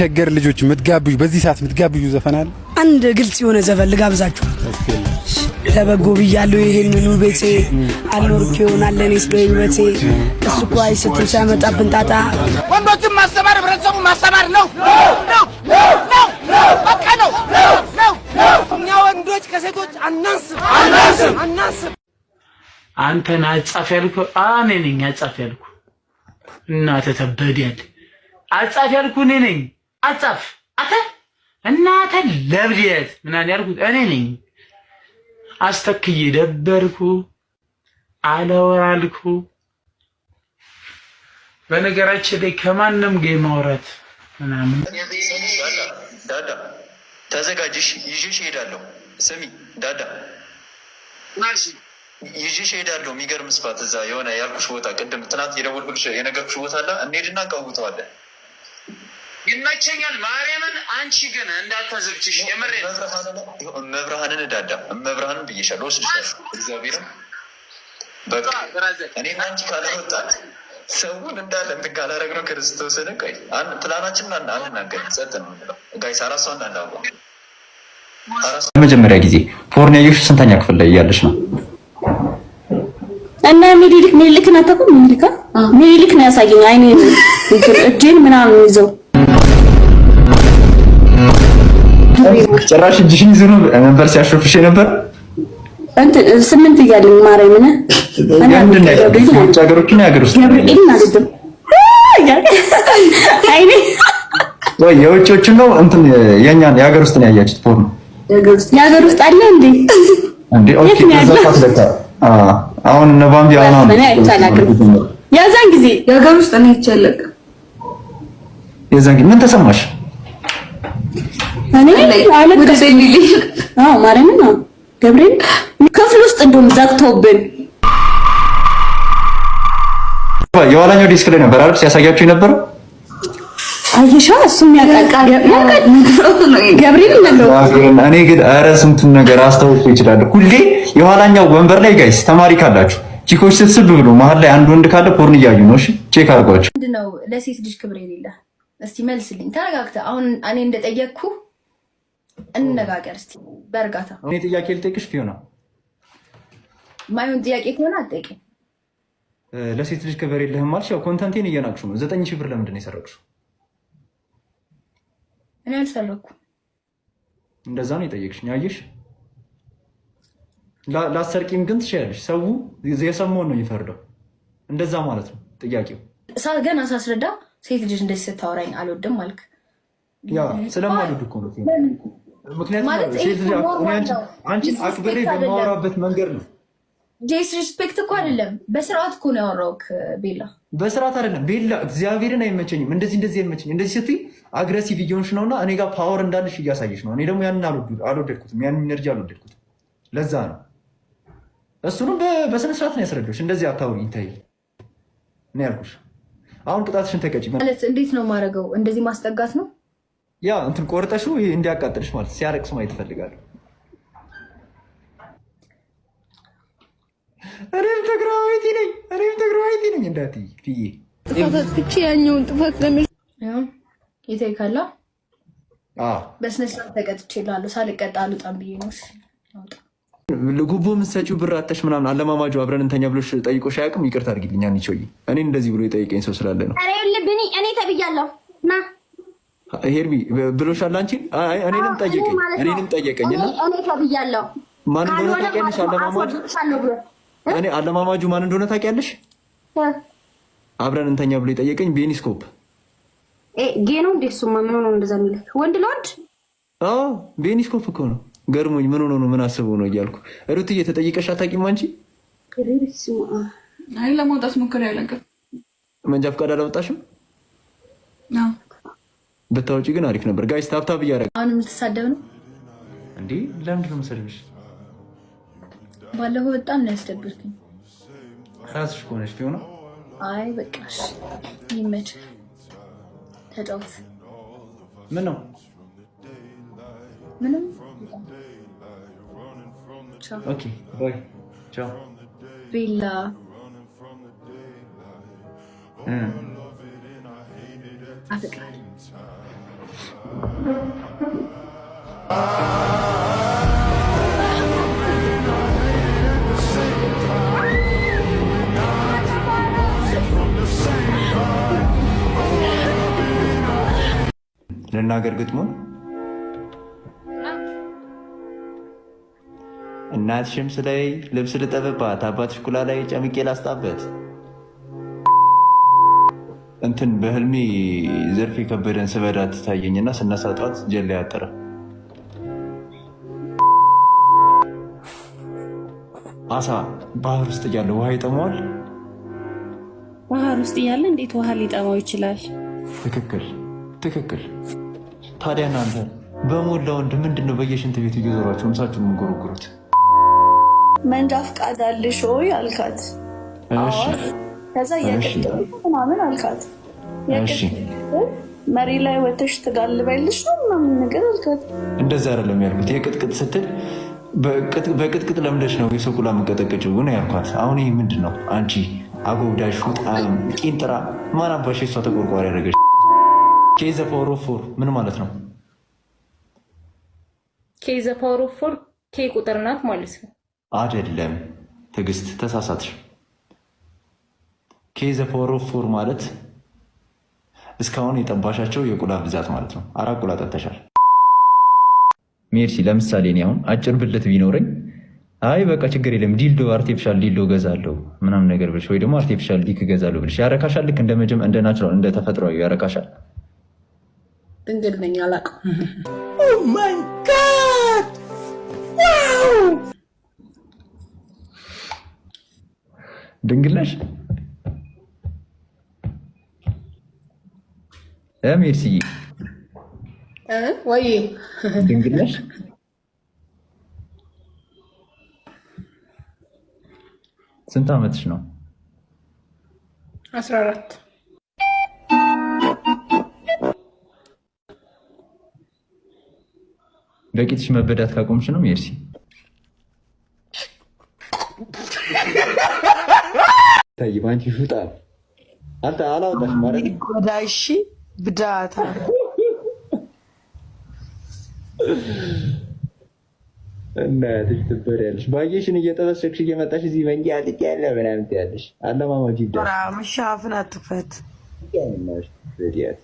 ሸገር ልጆች ምትጋብዩ በዚህ ሰዓት ምትጋብዩ ዘፈን አንድ ግልጽ የሆነ ዘፈን ልጋብዛችሁ። ለበጎ ብያለሁ ይሄን ምኑ ቤቴ አልኖርክ ይሆናል ለኔስ በህይወቴ እሱ እኮ አይስትም ሲያመጣብን ጣጣ። ወንዶችም ማስተማር ህብረተሰቡ ማስተማር ነው በቃ ነው። እኛ ወንዶች ከሴቶች አናንስም አናንስም አናንስም። እኔ ነኝ። አጻፍ ያልኩህ እናትህ ተበድ ያለ አጻፍ እኔ ነኝ። አጻፍ አተ እናተ ለብዴት ምናምን ያልኩት እኔ ነኝ። አስተክዬ ደበርኩ አለወራልኩ። በነገራችን ላይ ከማንም ጋር ማውራት ምናምን ዳዳ ተዘጋጅሽ፣ ይዤሽ እሄዳለሁ። ስሚ ዳዳ ይዤሽ እሄዳለሁ። የሚገርም ስፋት እዛ የሆነ ያልኩሽ ቦታ ቅድም ትናንት የደወልኩልሽ የነገርኩሽ ቦታ አለ። እንሄድና እንቃውተዋለን ይመቸኛል። ማርያምን አንቺ ግን እንዳታዘብችሽ የምሬን መብርሃንን እዳዳም መብርሃንን ብዬሻለሁ። ወስድሻለሁ። እግዚአብሔር እኔ አንቺ ካለመጣት ሰውን እንዳለ እንትን ነው ክርስቶስን ቆይ ፕላናችን አንናገር ጸጥ ነው ጋይስ። አራሷ እናንዳዋ ለመጀመሪያ ጊዜ ፖርን ያየሁሽ ስንተኛ ክፍል ላይ እያለሽ ነው? እና ሚኒሊክ ሚኒሊክን አታውቁም? ሚኒሊካ ነው ያሳየኝ አይኔ እጄን ምናምን ይዘው ጭራሽ እጅሽን ይዞ ነበር ሲያሾፍሽ ነበር። ስምንት እያለኝ ማርያምን ውጭ ሀገሮችን የሀገር ውስጥ የውጭዎችን ነው እንትን የኛን የሀገር ውስጥ ነው ያያችሁት። ፖርኖ የሀገር ውስጥ አለ እንዴ? እንዴ ኦኬ። አሁን እነ ባምቢ ነው የዛን ጊዜ የሀገር ውስጥ ነው የዛን ጊዜ ምን ተሰማሽ? ማርያምን ገብርኤል ክፍል ውስጥ እንደውም ዘግቶብን የኋላኛው ዲስክ ላይ ነበር አይደል ሲያሳያችሁ የነበረው። አይሻ እሱም ያቃቃል እኔ ግን ኧረ ስንቱን ነገር አስታውሶ ይችላል። ሁሌ የኋላኛው ወንበር ላይ ጋይስ፣ ተማሪ ካላችሁ ቺኮች ስብስብ ብሎ መሀል ላይ አንድ ወንድ ካለ ፖርን እያዩ ነው። እሺ ቼክ አድርጓቸው። ምንድን ነው ለሴት ልጅ ክብር የሌለ? እስቲ መልስልኝ ተረጋግተህ። አሁን እኔ እንደጠየቅኩ እነጋገር እስኪ በእርጋታ። እኔ ጥያቄ ልጠይቅሽ ፊዮና። ማይሆን ጥያቄ ከሆነ አጠቂ ለሴት ልጅ ክብር የለህም አልሽ። ያው ኮንተንቴን እየናቅሽው ነው። ዘጠኝ ሺህ ብር ለምንድን ነው የሰረቅሽው? እኔ አልሰረኩ እንደዛ ነው የጠየቅሽኝ። አየሽ፣ ላሰርቂም ግን ትችያለሽ። ሰው የሰማውን ነው የሚፈርደው። እንደዛ ማለት ነው ጥያቄው። ገና ሳስረዳ ሴት ልጅ እንደዚህ ስታወራኝ አልወድም አልክ። ስለማልወድ እኮ ነው ምክንያቱም አክብሬ በማወራበት መንገድ ነው። ዲስሪስፔክት እኮ አይደለም። በስርዓት እኮ ነው ያወራሁት። ቤላ በስርዓት አይደለም። ቤላ እግዚአብሔርን አይመቸኝም። እንደዚህ እንደዚህ አይመቸኝም። እንደዚህ ስትይ አግሬሲቭ እየሆንሽ ነው እና እኔ ጋር ፓወር እንዳለሽ እያሳየሽ ነው። እኔ ደግሞ ያንን አልወደድኩትም። ያንን ኢነርጂ አልወደድኩትም። ለዛ ነው እሱንም በስነስርዓት ነው እንደዚህ ነው ያልኩሽ። አሁን ቅጣትሽን ተቀጭ ማለት እንዴት ነው የማደርገው? እንደዚህ ማስጠጋት ነው ያ እንትን ቆርጠሹ እንዲያቃጥልሽ ማለት ሲያለቅስ ማየት ይፈልጋል። እኔም ትግራዋይቲ ነኝ፣ እኔም ትግራዋይቲ ነኝ። እንዳት ብዬ ጥፋት አጥፍቼ ያኛውን ጥፋት ለሚይዘይካላ በስነ ስርዓት ተቀጥቼ ላሉ ሳልቀጣ አልወጣም ብዬ ነው። ለጉቦ የምትሰጪው ብር አተሽ ምናምን አለማማጁ አብረን እንተኛ ብሎሽ ጠይቆሽ አያውቅም። ይቅርታ አድርጊልኝ። አንቺ እኔ እንደዚህ ብሎ የጠይቀኝ ሰው ስላለ ነው። ኧረ የለብኝ እኔ ተብያለሁ ና ሄርቢ ብሎሻል አንቺን እኔንም ጠየቀኝ እኔንም ጠየቀኝ እና ማን እንደሆነ ታውቂያለሽ? አለማማጁ እኔ አለማማጁ ማን እንደሆነ ታውቂያለሽ? አብረን እንተኛ ብሎ የጠየቀኝ ቤኒስኮፕ ጌኖ እንዴ እሱማ ምን ሆኖ እንደዛ የሚለ ወንድ ለወንድ ቤኒስኮፕ እኮ ነው። ገርሞኝ ምን ሆኖ ነው ምን አስበው ነው እያልኩ ሩትዬ ተጠይቀሽ አታውቂም አንቺ? ለማውጣት ሞክሬ ያለቀ መንጃ ፈቃድ አላወጣሽም? ብታወጪ ግን አሪፍ ነበር። ጋይስ ታብታብ እያደረገ አሁን የምትሳደብ ነው እንዴ? ለምንድን ነው መሰለሽ? ባለፈው በጣም ነው ያስደብርክኝ። ራስሽ ከሆነሽ ሆነ። አይ በቃሽ፣ ይመችህ። ተጫወት። ምን ነው ምንም። ኦኬ ባይ ቻው። ቤላ አፍቃል ልናገር ግጥሙን እናት ሽምስ ላይ ልብስ ልጠብባት፣ አባት ሽኩላ ላይ ጨምቄ ላስጣበት እንትን በህልሜ ዘርፌ ከበደን ስበዳ ትታየኝ እና ስነሳጧት ጀላ ያጠረ አሳ ባህር ውስጥ እያለ ውሃ ይጠመዋል። ባህር ውስጥ እያለ እንዴት ውሃ ሊጠማው ይችላል? ትክክል ትክክል። ታዲያ እናንተ በሞላ ወንድ ምንድን ነው በየሽንት ቤት እየዞራችሁ ምሳችሁ የምንጎረጉሩት? መንጃ ፈቃድ አለሽ ወይ አልካት። ከዛ የቅጥ ምናምን አልካት። ያቀጥ መሬት ላይ ወተሽ ትጋልበልሽ ነው ምናምን ነገር አልካት። እንደዛ አይደለም ያልኩት። የቅጥቅጥ ስትል በቅጥቅጥ ለምደሽ ነው የሰቁላ ቁላ መቀጠቀጭው ነው ያልኳት። አሁን ይህ ምንድን ነው? አንቺ አጎብዳሽ ጣም ቂንጥራ ማን አባሽ እሷ ተቆርቋሪ ያደረገች ኬዘ ፓወር ኦፍ ፎር ምን ማለት ነው? ኬዘ ፓወር ኦፍ ፎር ኬ ቁጥር ናት ማለት ነው። አደለም ትዕግስት ተሳሳትሽ። ኬዝ ኦፍ ፎር ማለት እስካሁን የጠባሻቸው የቁላ ብዛት ማለት ነው። አራት ቁላ ጠጥተሻል። ሜርሲ ለምሳሌ እኔ አሁን አጭር ብልት ቢኖረኝ አይ በቃ ችግር የለም ዲልዶ አርቲፊሻል ዲልዶ ገዛለሁ ምናምን ነገር ብልሽ ወይ ደግሞ አርቲፊሻል ዲክ ገዛለሁ ብልሽ ያረካሻል። ልክ እንደ መጀመ እንደ ናቸራል እንደ ተፈጥሯዊ ያረካሻል። ድንግል ነኝ አላውቅም። ማይ ጋድ ዋው ድንግል ነሽ ሜርስዬ ወይ ድንግል ነሽ? ስንት ዓመትሽ ነው? አስራ አራት በቂትሽ መበዳት ካቆምሽ ነው ሜርሲ ታይ ባንቺ ሹጣ አንተ አላወጣሽ ማለት ብዳታ ትበር ያለሽ ባየሽን እየጠበሰክሽ እየመጣሽ እዚህ መንጌ አጥቅ ያለ ምናምን ትያለሽ። አለማማጅ ይዳል መሻፍን አትክፈት።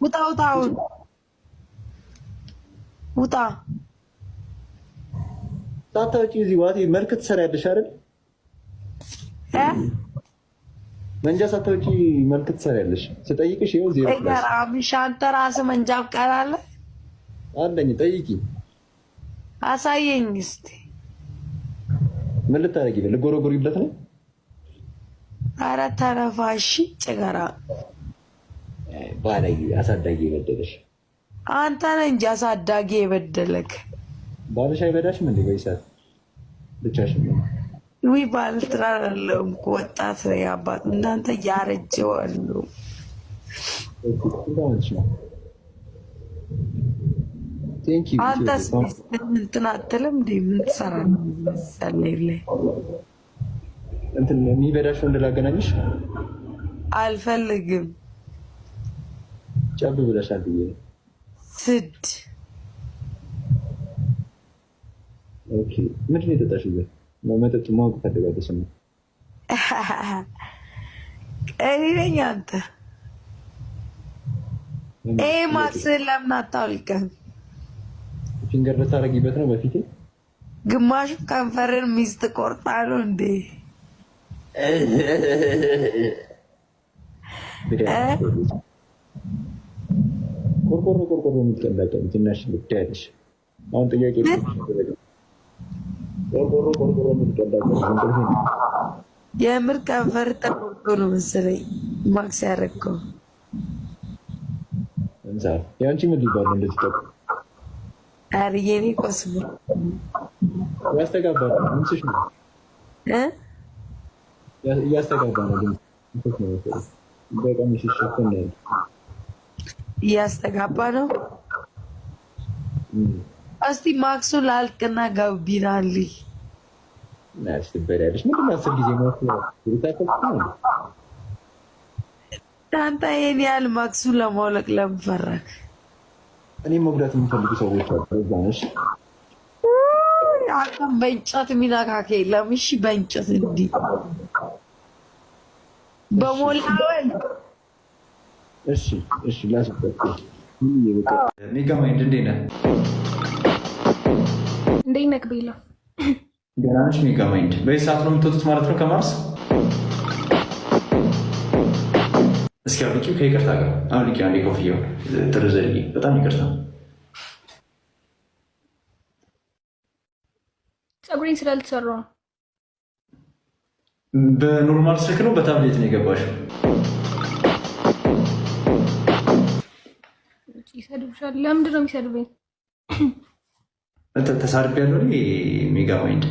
ውጣ ውጣ ውጣ ሳታውቂ እዚህ ዋቴ መልክ ትሰሪያለሽ አይደል? መንጃ ሳታውቂ መልክ ትሰሪያለሽ። ስጠይቅሽ ይኸው ዜሮ ፕላስ አንተ ራስህ መንጃ ቀራለ አለ አለኝ። ጠይቂ፣ አሳየኝ እስኪ። ምን ልታደርጊ ነው? ልጎረጎሪበት ነው? ኧረ ተረፋ። እሺ ጭገራ ባለጌ አሳዳጊ የበደለሽ አንተ ነህ እንጂ አሳዳጊ የበደለክ ባልሽ አይበዳሽም እንዴ? በይሳት ብቻሽን ነው ዊ ባልትራ አይደለም ወጣት አባት እናንተ ያረጀዋሉ። አሉ አንተስ እንትን አትልም እንዴ? ምን ትሰራለህ? እንትን የሚበዳሽ ወንድ ላገናኝሽ አልፈልግም። ጨብ ብለሻል ብዬ ስድ ምንድን ነው የጠጣሽበት? መጠጥ ማወቅ ፈልጋለሁ። ስማ አንተ ይሄ ማስህን ለምን አታውልቀም? ፊንገር ልታረጊበት ነው በፊቴ ግማሹ ከንፈርን ሚስት ቆርጣ ነው እንዴ? ቆርቆሮ ቆርቆሮ የሚቀላቀሉ ትናሽ ጉዳይ አለሽ። አሁን ጥያቄ ቆርቆሮ ቆርቆሮ የምትቀዳበት የምር ከንፈር ተቆርጦ ነው መሰለኝ ማክስ ያደረግከው። የአንቺ ምን ሊባል እንደተጠቁ አርየኔ ቆስቦ ያስተጋባ ምንሽ ነው እያስተጋባ ነው በቀሚስ ይሸፍን እያስተጋባ ነው እስቲ ማክሱ ላልቅና ጋቢና ልይ ምንድን ነው አስር ጊዜ ታንታ ይሄን ያህል ማክሱ ለማውለቅ ለምፈረግ እኔ መጉዳት የምፈልጉ ሰዎች ዛነሽ አም በእንጨት የሚነካከ የለም። እሺ በእንጨት እንዲህ በሞላወል እሺ እሺ ላስበት ኔጋ ማይንድ እንዴ ነህ? እንዴት ነህ ቤላ? ደህና ነሽ? ማይንድ በዚህ ሰዓት ነው የምትወጡት ማለት ነው ከማርስ እስኪ አብቂ ከይቅርታ ጋር አውልቂው። አንዴ ኮፍያው ትርዘል። በጣም ይቅርታ። ፀጉሬን ስላልተሰራ ነው። በኖርማል ስልክ ነው በታብሌት ነው የገባሽው? ይሰድብሻል። ለምንድን ነው የሚሰድብኝ? ተሳርቢ ያለ ሜጋ ማይንድ